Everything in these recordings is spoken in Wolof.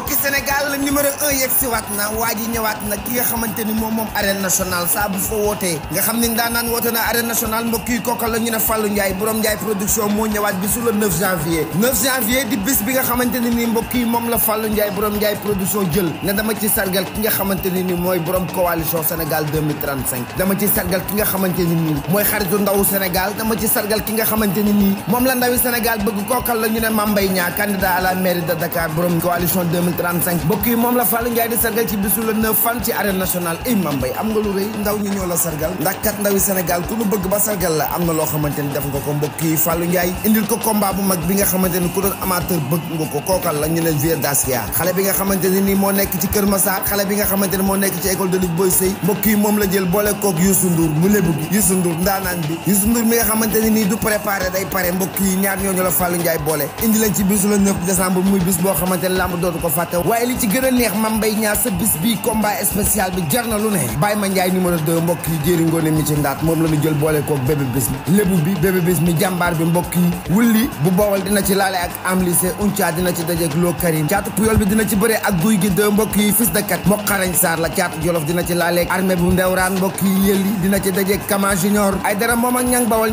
mbokki Sénégal na ni moom moom arène nationale saa bu fa wootee nga xam ni daan naan woote na arène nationale la ñu ne Fallou Ndiaye borom Ndiaye production moo ni mbokk yi moom la Fallou Ndiaye borom Ndiaye production dama ci sargal ki nga xamante ne mooy borom coalition Sénégal dama ci sargal ki nga xamante nii moom la ndawi Sénégal bëgg kookal la ne Mambay Niang candidat la mairie de Dakar borom coalition 2035 mbokk yi moom la Fallou Ndiaye di sargal ci bisu le 9 fan ci arène nationale imam mbay am nga lu rëy ndaw ñi ñoo la sargal ndax kat ndawi Sénégal ku nu bëgg ba sargal la am na loo xamante ni def nga ko indil ko combat bu mag bi nga xamante ku doon amateur bëgg nga kookal la ñu ne Vieux xale bi nga xamante nii moo nekk ci Kër Massar xale bi nga xamante moo nekk ci école de lutte Boy Sey moom la jël boole koog Youssou fàtte waaye li ci gën a neex Mame Mbaye Niang sa bis bii combat spécial bi jar lu ne Baye Ma Ndiaye numéro 2 mbokk yi jéeri ngoone mi ci ndaat moom la ñu jël boole koog bébé mi lébu bi bébé wulli bu boowal dina ci laale ak am lycée uncaa dina ci dajeeg loo karim caatu puyool bi dina ci bëree ak guy gi deux mbokk yi de kat moo xarañ saar la caatu jolof dina ci laaleeg armée bu ndewraan mbokk yëlli dina ci dajeeg kama junior ay dara moom ak ñang bawal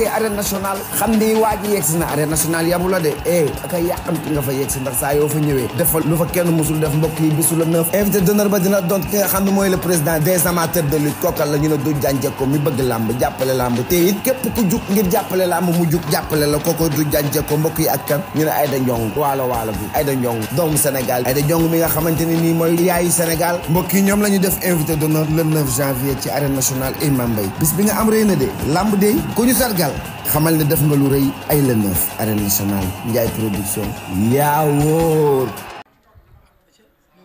yegsee arène nationale xam ni waa ji yegsi na arène nationale yamu la de eh akay yàqamti nga fa yegsi ndax saa yoo fa ñëwee def lu fa kenn musul def mbokk yi bisu la neuf invité d'honneur ba dina doon ki nga xam ne mooy le président des amateurs de lutte kookal la ñu ne du jànjeko mi bëgg yi ak kan ñu ne Aïda Ndiong waalo waalo bi Aïda Ndiong doomu Sénégal Aïda Ndiong mi nga xamante ne nii mooy yaayu Sénégal mbokk yi ñoom la ñu def invité d'honneur le 9 janvier ci arène nationale Imam Mbaye bis bi nga am réy de làmb daal xamal ne def nga lu rëy ay la neuf arène nationale Ndiaye production yaa wóor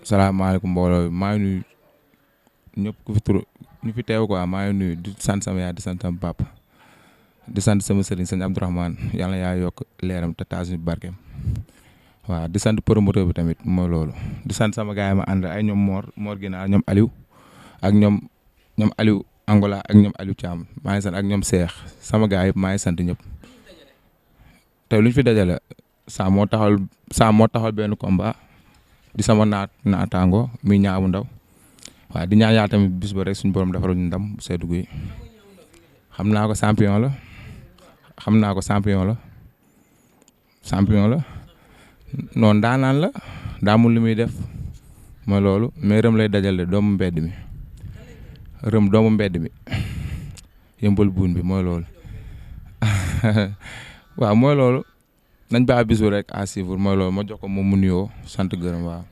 salaamaaleykum mbooloo maa ngi ñu fi teew ko maa ngi nuyu di sant sama yaay di sant sama papa di sant sama sëriñ sëñ Abdourahmane yàlla yaa yokk leeram te taas ñu barkeem waaw di sant promoteur bi tamit mooy loolu di sant sama gars yi ma ànd ay ñoom Mor Mor Ginaar ñoom Aliou ak ñoom ñoom Angola ak ñoom Aliou Thiam maa ngi sant ak ñoom seex sama gaa yëpp maa ngi sant ñëpp te lu ñu fi dajale saa moo taxal saa moo taxal benn combat di sama naat naataango muy ñaawu ndaw waa di ñaan yàlla tamit bis rek suñu borom defaral ñu ndam seetu guy xam naa ko champion la xam naa ko champion la champion la noonu daanaan la daa mun li muy def ma loolu meeram lay dajale doomu mbedd mi. rëm doomu mbedd mi yëmbal buun bi mooy loolu waaw mooy loolu nañ baa bisu rek à suivre mooy loolu ma jox ko moom mu nuyoo sant gërëm waaw.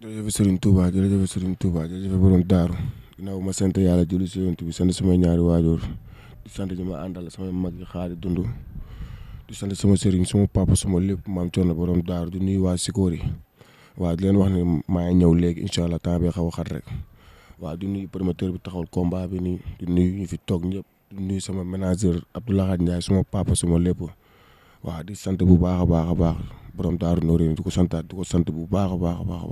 jërëjëf Serigne Touba jërëjëf Serigne Touba jërëjëf borom daaru ginnaaw ma sant yàlla julli si yonent bi sant samay ñaari waajur di sant ñi ma àndal samay mag yi xaari dund. di sant sama sëriñ sama papa sama lépp maam na boroom daaru di nuyu waa Sikoor yi waaw di leen wax ne maa ngi ñëw léegi incha allah temps bi xaw a xat rek waaw di nuyu promoteur bi taxawal combat bi nii di nuyu ñu fi toog ñëpp di nuyu sama manager Abdoulaye Ndiaye sama papa sama lépp waaw di sant bu baax a baax a baax boroom daaru Noreyni di ko santaat di ko sant bu baax a baax a baax a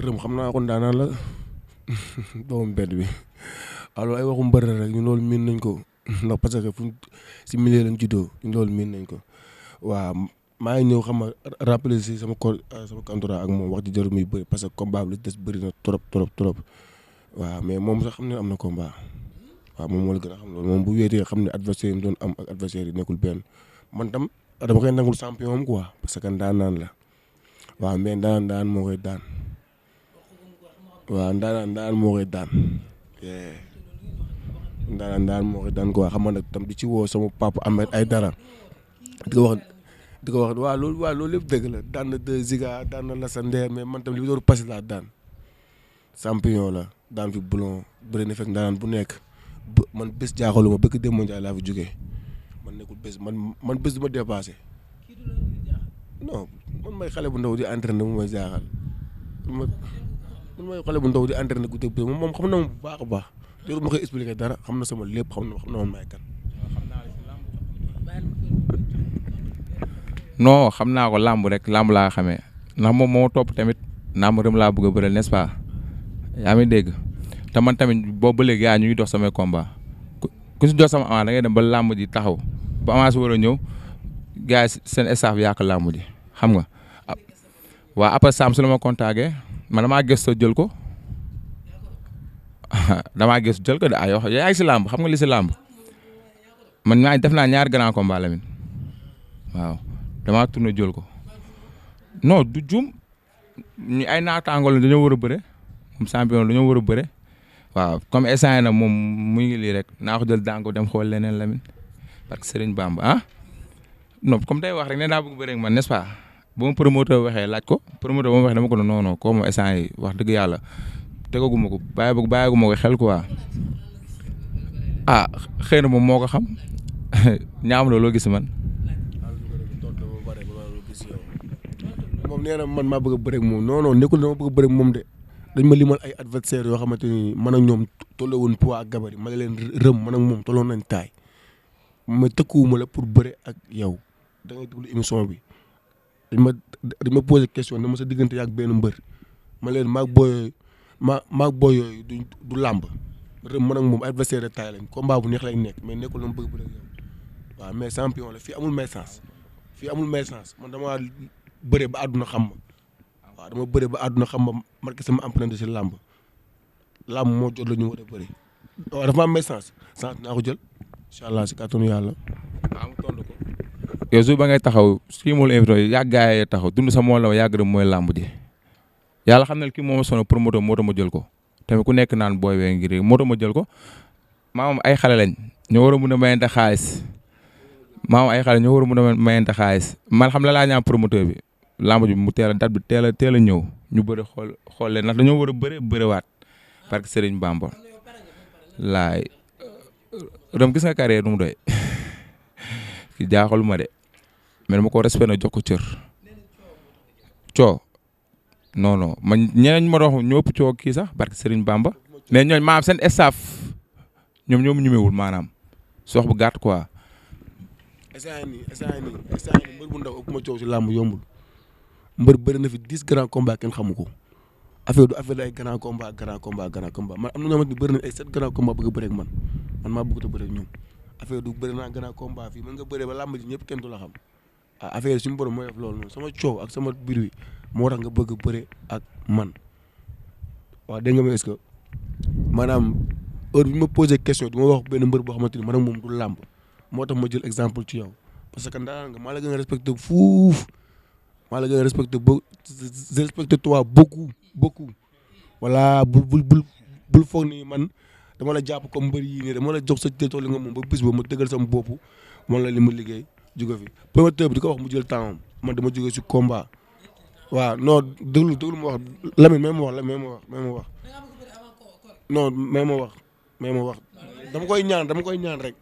baax xam naa kon daanaa la doomu mbedd bi alors ay waxu mbër rek ñu loolu miin nañ ko. non parce que fu si milieu loolu miin nañ ko waaw maa ngi ñëw xam nga rappeler si sama ko euh, sama kantoora ak moom wax ji jarul muy bëri parce que combat des bari na trop trop trop waaw mais moom sax xam ne am na combat waaw moom moo la gën a xam loolu moom bu xam ne adversaire yi doon am ak adversaire yi nekkul benn man tam dama koy nangul champion am quoi parce que ndaanaan la waaw mais ndaanaan daan moo koy daan waaw ndaanaan daan moo koy daan. ndaanaan daan moo koy daan ko wax xam nag tam di ci woo sama papa Ahmed ay di ko wax di ko wax waaw loolu waaw loolu lépp dëgg la daan na de Ziga daan na Lassane Nder man tam li doon passé laa daan champion la daan fi boulon bëri na fekk ndaanaan bu nekk man bés jaaxaloo ma bëgg man nekkul bés man man bés ma dépassé non man may xale bu ndaw di entraîné mu may jaaxal man may bu ndaw di entraîné guddi moom xam na bu baax a baax jor ma koy dara xam na sama lépp xam na xam non xam naa ko làmb rek làmb laa xamee ndax moom moo topp tamit naa ma rëm laa bëgg a bëral n'est-ce pas yaa dégg te man tamit boobu ba léegi yaa ñu ngi dox samay komba ku si dox sama avance da ngay dem ba làmb ji taxaw ba avance war a ñëw gars yi seen staff yàq làmb ji xam nga ah, waaw après Sam su ma contacté man damaa gëstoo jël ko. damaa gis jël ko de ay wax si làmb xam nga li si làmb man def naa ñaar grand combat la min waaw damaa tourné jël ko non du jum ñu ay naataangool dañoo war a bëre moom champion dañoo war a waaw comme instant na moom mu ngi lii rek naa ko jël daan ko dem xool leneen la min parce que Serigne Bamba ah non comme day wax rek nee naa bëgg bëre ak man n'est-ce pas ba ma promoteur waxee laaj ko promoteur ba ma dama ko ne non non comme wax dëgg yàlla. tegaguma ko bàyyi ba bàyyaguma ko xel quoi ah xëy na moom moo ko xam ñaam la loo gis man. moom nee na man maa bëgg a bëri ak moom non non nekkul dama bëgg a moom de dañ ma limal ay adversaires yoo xamante ni man ak ñoom tolloo woon poids ak gabarit ma leen rëm man moom tolloon nañ taay ma tëkkuwuma la pour bëre ak yow da ngay déglu émission bi dañ ma dañ ma question ne ma sa diggante yaak benn mbër ma leen maag ma maag booy yooyu du du làmb rëm man ak moom adversaire de taille lañ combat bu neex lañ nekk mais nekkul lu bëgg bu rek yow waaw mais champion la fii amul méchance fii amul méchance man damaa bëre ba àdduna xam ma waaw dama bëre ba àdduna xam ma marqué sama empreinte si làmb làmb moo jot la ñu war a bëri waaw dafa am méchance chance naa ko jël incha allah si kàttanu yàlla am su ba ngay taxaw si mool invité yàgg gaay taxaw dund sa moo la yàgg dem mooy làmb ji yàlla xam ne kii moo ma sonal pour moto moto ma jël ko tamit ku nekk naan booy wee ngir moto ma jël ko maam ay xale lañ ñoo war a mun a mayante xaalis maam ay xale ñoo war a mun a mayante xaalis man xam la laa ñaan promoteur bi lamb ji mu teel a date teel a teel a ñëw ñu bëri xool xool leen ndax dañoo war a bëri waat parce que Serigne Bamba laay rëm gis nga carrière nu mu doy ki ma de mais dama ko respecté na jox ko cër non non man ñeneen ma doon wax ñoo ëpp coow kii sax barke Serigne Bamba. mais ñooñ maanaam seen staff ñoom ñoom ñumewul maanaam sox bu gàtt quoi. instant nii instant nii instant nii ma coow yombul mbër bëri na fi dix grands combats kenn xamu ko affaire du affaire ay grands combats grands combats grands combats man am na ñoo ay sept grands combats bëgg a bëri ak man man maa bëggut a bëri ak ñoom affaire du bëri naa grands combats fii mën nga bëree ba làmb ji ñëpp kenn du la xam ah affaire suñu borom mooy def loolu sama coow ak sama biir moo tax nga bëgg bëre ak man waa dégg nga ma est-ce que maanaam heure bi ma posé question du ma wax benn mbër boo xamante ni man ak moom du làmb moo tax ma jël exemple ci yow parce que ndaanaan nga maa la gën a respecté fuuf maa la gën a respecté ba je respecte toi beaucoup beaucoup voilà bul bul bul bul foog ni man dama la jàpp comme mbër yii nii dama la jox sa tool li nga moom ba bis ba ma sa sama bopp man la li ma liggéey jóge fi promoteur bi di ko wax mu jël temps man dama jóge si combat waaw non déglu déglu ma wax Lamine même wax la même wax même wax non même wax même wax dama koy ñaan dama koy ñaan rek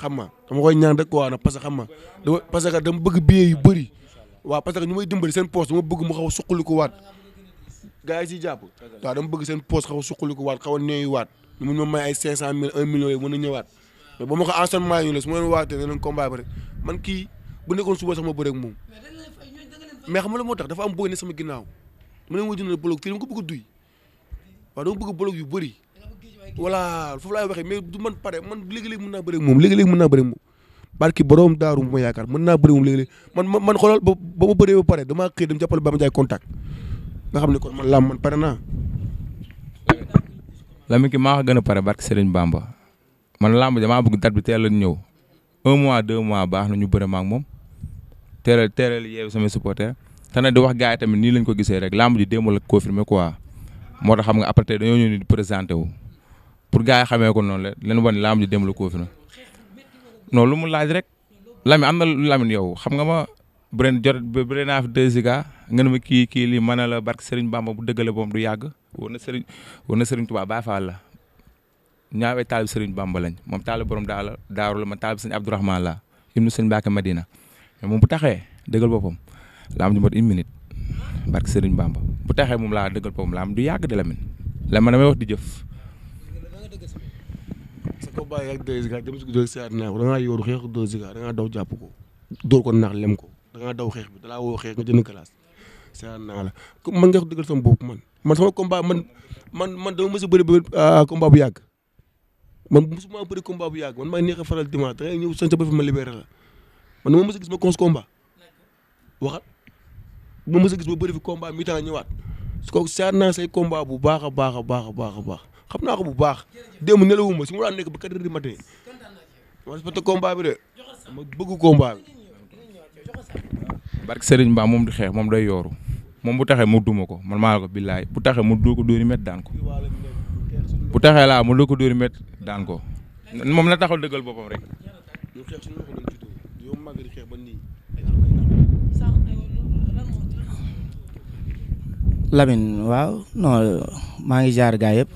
xam ma dama koy ñaan rek waaw nag parce que xam ma dama parce que dama bëgg billet bëri waa parce que ñu may seen poche dama bëgg mu xaw a ko waat gars yi si jàpp waaw dama bëgg seen poche xaw a suqaliku waat xaw a néew waat ñu mun ma may ay cinq cent mille un million yi mën a ñëwaat mais ba ma ko en sonnement yi la su ma leen waatee danañ combat ba man kii bu nekkoon suba sax ma bëre ak moom mais xam nga la moo tax dafa am booy ne sama ginnaaw mu ne ma jënd bolog te dama ko bëgg a duy waaw dama bëgg bolog yu bëri voilà foofu laay waxee mais du man pare man léegi-léegi mën naa bëri moom léegi-léegi mën naa bëri moom barki borom daaru bu ma yaakaar mën naa bëri moom léegi-léegi man man xoolal ba ba ma bëree ba pare damaa xëy dem jàppale Bamba Ndiaye contact nga xam ne kon man laam man pare naa Lamine ki maa ko gën a pare barki Serigne Bamba man lamb damaa bëgg date bi teel a ñëw un mois deux mois baax na ñu bëre ma ak moom teeral teeral yeewu sama supporter te nag di wax gars yi tamit nii lañ ko gisee rek lamb ji démb la confirmé quoi moo tax xam nga après tey dañoo ñëw di présenté wu pour gars xamee ko noonu la leen wan lamb ji démb la confirmé non lu mu laaj rek Lamine am na Lamine yow xam nga ma bëri jot bëri naa fi deux Ziga nga ne ma kii kii lii mën na la barke sëriñ Bamba bu dëggale boom du yàgg war na Serigne war na Serigne Touba Baye Fall la ñaawee taalib Serigne Bamba lañ moom taalib borom daa la daaru la ma taalib Serigne Abdourahmane la ibnu Serigne Mbacke Madina mais moom bu taxee dëggal boppam laa am du mot une minute barke Serigne Bamba bu taxee moom laa dëggal boppam laa am du yàgg de la min la ma damay wax di jëf. sa combat ak Deux Giga dem si Deux Giga da ngaa ko dóor ko naax lem ko da ngaa daw bi da woo xeex nga jënd classe seet naa la comme man nga wax dëggal sama bopp man man man man man dama mës a bëri ba ah, combat bu yàgg man mosuma bëri combat bu yàgg man maa neex a faral dimanche da ñëw sant ba fi ma libéré man dama mës gis ma cons combat waxat ma mës a gis ma bëri fi combat mi temps ñëwaat kooku seet naa say combat bu baax a baax a baax a baax baax xam naa ko bu baax démb nelawuma si mu daan nekk ba quatre heures du ma respecté combat bi de ma bëgg komba bi. barke Serigne Ba moom du xeex moom day yooru moom bu taxee mu duma ko man maa ko billaay bu taxee mu doo ko dóori met daan taxee laa mu doo ko dóori met daan ko moom na taxaw dëggal boppam rek. màggali xeex ba waaw non maa ngi jaar gaa yëpp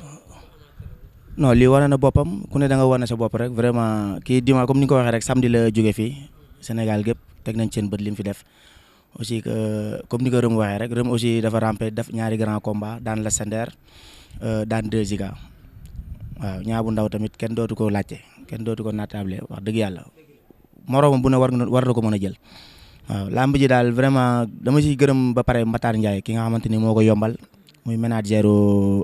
non lii wane na boppam ku ne danga nga wane sa bopp rek vraiment kii dimanche comme ni ko waxee rek samedi la jóge fii Sénégal gépp teg nañ seen bët li mu fi def aussi comme ni ko Rëm waxee rek Rëm aussi dafa rampe def ñaari grand combat daan la Sender euh, daan deux Ziga waaw ñaa bu ndaw tamit kenn dootu ko laajte kenn dootu ko naataable wax dëgg yàlla. moroomam bu na war war na ko mën a jël waaw làmb ji daal vraiment dama ciy gërëm ba pare Matar Ndiaye ki nga xamante ni moo ko yombal muy manager euh,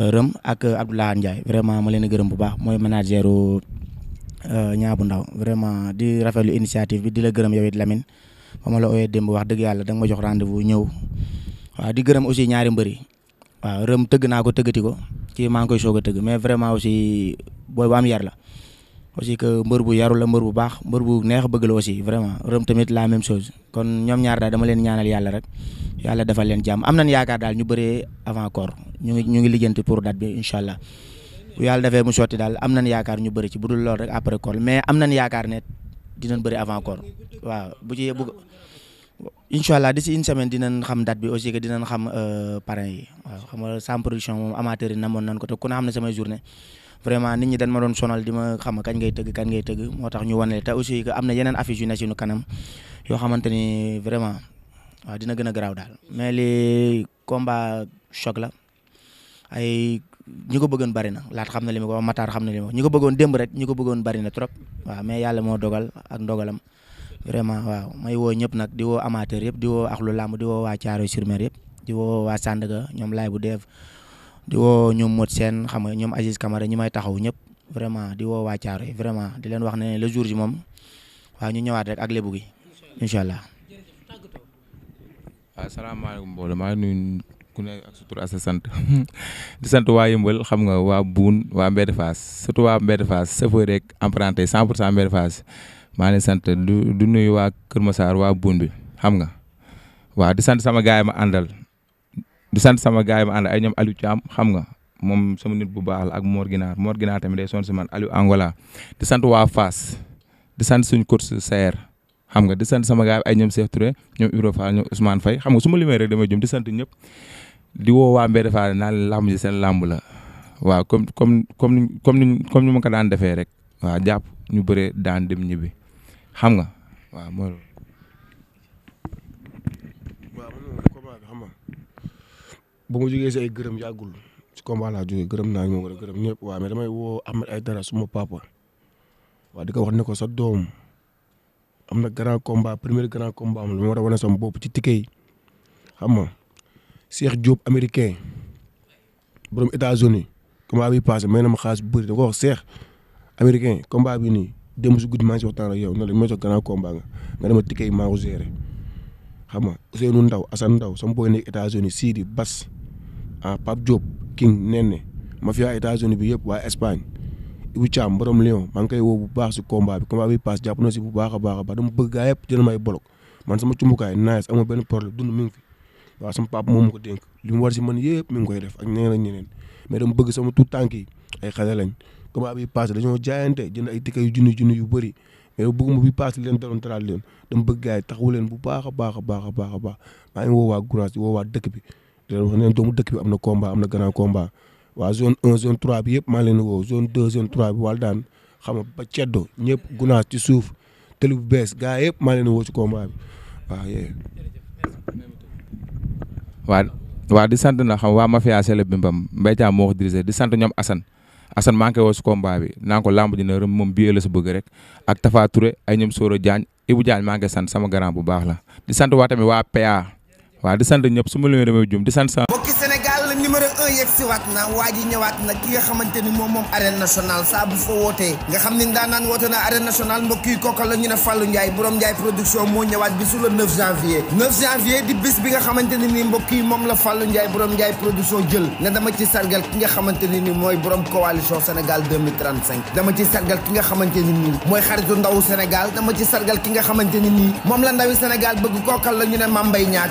Rëm ak Abdoulaye Ndiaye vraiment ma leen gërëm bu baax mooy manager euh, Niang bu ndaw vraiment di rafetlu initiative bi di la gërëm yow it Lamine ba ma la ooyee démb wax dëgg yàlla dang ma jox rendez-vous ñëw waaw di gërëm aussi ñaari mbër yi waaw Rëm tëgg naa ko tëggati ko kii maa ngi koy soog a tëgg mais vraiment aussi booy bu am la. aussi que mbër bu yaru la mbër bu baax mbër bu neex bëgg la aussi vraiment rëm tamit la même chose kon ñoom ñaar daal dama leen ñaanal yàlla rek yàlla defal leen jàmm am nañ yaakaar daal ñu bëree avant corps ñu ngi ñu pour date bi incha allah bu yàlla defee mu sotti daal yaakaar ñu bëri ci bu dul lool rek après corps mais am nañ yaakaar ne dinañ bëri avant corps waaw bu ci bu incha allah d'ici une semaine dinañ xam date bi aussi que dinañ xam euh, parrain yi waaw xam nga ko te ku ne xam ne journée vraiment nit ñi dañ ma doon sonal di ma xam kañ ngay tëgg kañ ngay tëgg moo tax ñu wane te aussi que am na yeneen affiche yu ne suñu kanam yoo xamante ni vraiment waaw dina gën a garaaw daal mais li combat choc la ay ñi ko bëggoon bari na laat xam na li ma ko Matar xam na li ma ko ñi ko bëggoon démb rek ñi ko bëggoon bari na trop waaw mais yàlla moo dogal ak ndogalam vraiment waaw may woo ñëp nag di woo amateur yëpp di woo ak axlu làmb di woo waa Thiaroye sur Mer yëpp di woo waa Sandaga ñoom laay bu deef di woo ñoom mot seen xam nga ñoom Aziz Camara ñi may taxaw ñëpp vraiment di woo waa Thiaroye vraiment di leen wax ne le jour ji moom waa ñu ñëwaat rek ak lébu gi incha allah. waaw ah, salaamaaleykum maa ngi nuyu ku ne sant di sant waa Yëmbal xam nga waa Buun waa Mbedd Fass surtout waa Mbedd Fass chauffeur rek emprunté 100 pour cent Mbedd Fass maa ngi sant du du nuyu waa Kër Massar waa Buun bi xam nga waaw di sant sama gaay ma àndal. du sant sama gars yi ma ànd ay ñoom Aliou Thiam xam nga moom sama nit bu baax la ak moor Ginaar Mor Ginaar tamit day sonn si man Angola di sant waa Fass di sant suñ coach Saer xam nga di sant sama gars ay ñoom Cheikh Touré ñoom Ibro Fall ñoom Ousmane Faye xam nga su ma limee jëm di sant ñëpp di woo waa Mbédé naan làmb ji seen làmb la waaw comme comme comme comme comme ni ma ko daan defee rek waaw jàpp ñu bëree daan dem ñibbi xam nga waaw ba ma jógee si ay gërëm yàggul si combat laa jógee gërëm naa ñoo ngi gërëm ñëpp waaw woo Ahmed ay suma papa waaw di ko wax ne ko sa doom am na grand combat premier grand combat sama bopp ci tike xam nga Cheikh Diop américain borom États-Unis combat bi may na ma xaalis bu bëri da ko wax Cheikh américain combat bi si guddi si waxtaan ak yow noonu la ma jox grand combat nga nga xam nga Ousseynou Ndaw Assane Ndaw sama boy nekk États-Unis Sidi ah Pape Diop King Nene mafia États-Unis bi yëpp waa Espagne Ibou Thiam borom Lyon maa ngi koy woo bu baax si combat bi combat bi paas jàpp na si bu baax a baax a baax dama bëgg gaa yëpp jël may bolok man sama cumbukaay nice amul benn problème dund mi ngi fi waaw sama papa moom ma ko dénk li mu war si man yëpp mi ngi koy def ak ñeneen ak ñeneen mais dama bëgg sama tout tànk yi ay xale lañ combat bi paas dañoo jaayante jënd ay ticket yu junni junni yu bëri mais bëgguma bi paas li leen doon taraal leen dama bëgg gaa yi taxawu leen bu baax a baax a baax a baax a baax maa ngi woo waa Guraas di woo waa dëkk bi leen wax dëkk bi na combat am na grand combat waa zone 1 zone 3 bi yëpp maa leen woo zone 2 zone 3 bi wal xam nga ba ceddo ñëpp gunaas ci suuf tëli bu bees gaa maa leen woo ci combat bi di sant na xam waa mafia sele bi moo wax dirigé sant ñoom Assane Assane manqué woo si combat bi naa ko moom bii la si bëgg rek ak Tafa Touré ay ñoom Soro Diagne Ibou Diagne maa ngi sant sama grand bu baax la di sant waa waa PA waaw di sant ñëpp su ma leen demee jum di sant. la numéro un yegg si waat na waa ji ñëwaat na ki nga xamante ni moom moom arène nationale saa bu wootee nga xam ni ndaanaan woote na arène nationale mbokk yi kooka la ñu ne Fallou Ndiaye borom Ndiaye production moo ñëwaat bi su le 9 janvier 9 janvier di bis bi nga xamante ne ni mbokk yi moom la Fallou Ndiaye borom Ndiaye production jël ne dama ci sargal ki nga xamante ne ni mooy borom coalition Sénégal 2035 dama ci sargal ki nga xamante ne ni mooy xaritu ndawu Sénégal dama ci sargal ki nga xamante ne ni moom la ndawi Sénégal bëgg kookal la ñu ne Mambay Niang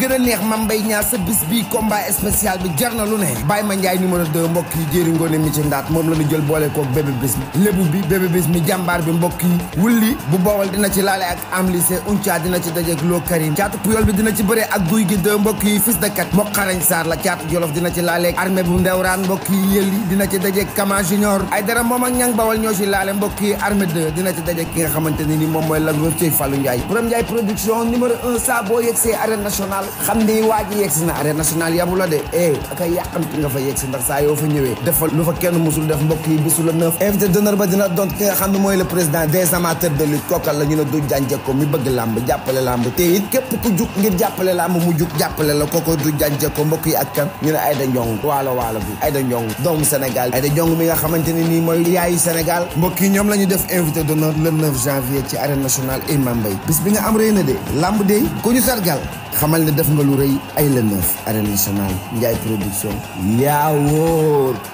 gën a neex Mame Mbaye Niang sa bis bii combat spécial bi jar na lu ne Baye Ma Ndiaye numéro 2 mbokk yi jéeri ngoone mi ci ndaat moom la ñu jël boole koog bébé mi lébu bi bébé bis yi wulli bu boowal dina ci laale ak am lycée uncaa dina ci dajeek loo karim caatu puyool bi dina ci bëree ak guy gi de mbokk yi fils de kat moo xarañ saar la caatu jolof dina ci laaleeg armée bu ndewraan mbokk yëlli dina ci dajeek kama junior ay dara moom ak ñang bawal ñoo ci ki nga xamante ne ni moom mooy la ciy Fallou Ndiaye borom Ndiaye production numéro xam ni waa ji yegsi na arène nationale yabu la de eh aka yàqamti nga fa yegsi ndax saa yoo fa ñëwee dafa lu fa kenn musul def mbokk yi bisu la neuf invité d'honneur ba dina doon ki nga xam ne mooy le président des amateurs de lutte kookal la ñu ne du jànjeko mi bëgg làmb jàppale làmb te it képp ku jug ngir jàppale làmb mu jug jàppale la kooko yi ak kan ñu ne Aïda Ndiong waalo waalo bi Aïda Ndiong doomu Sénégal Aïda Ndiong mi nga xamante ne nii mooy yaayu Sénégal mbokk yi ñoom la ñu def invité d'honneur le 9 janvier ci arène nationale Imam Mbaye bis bi nga def nga lu rëy ay le neuf arène nationale Ndiaye production yaa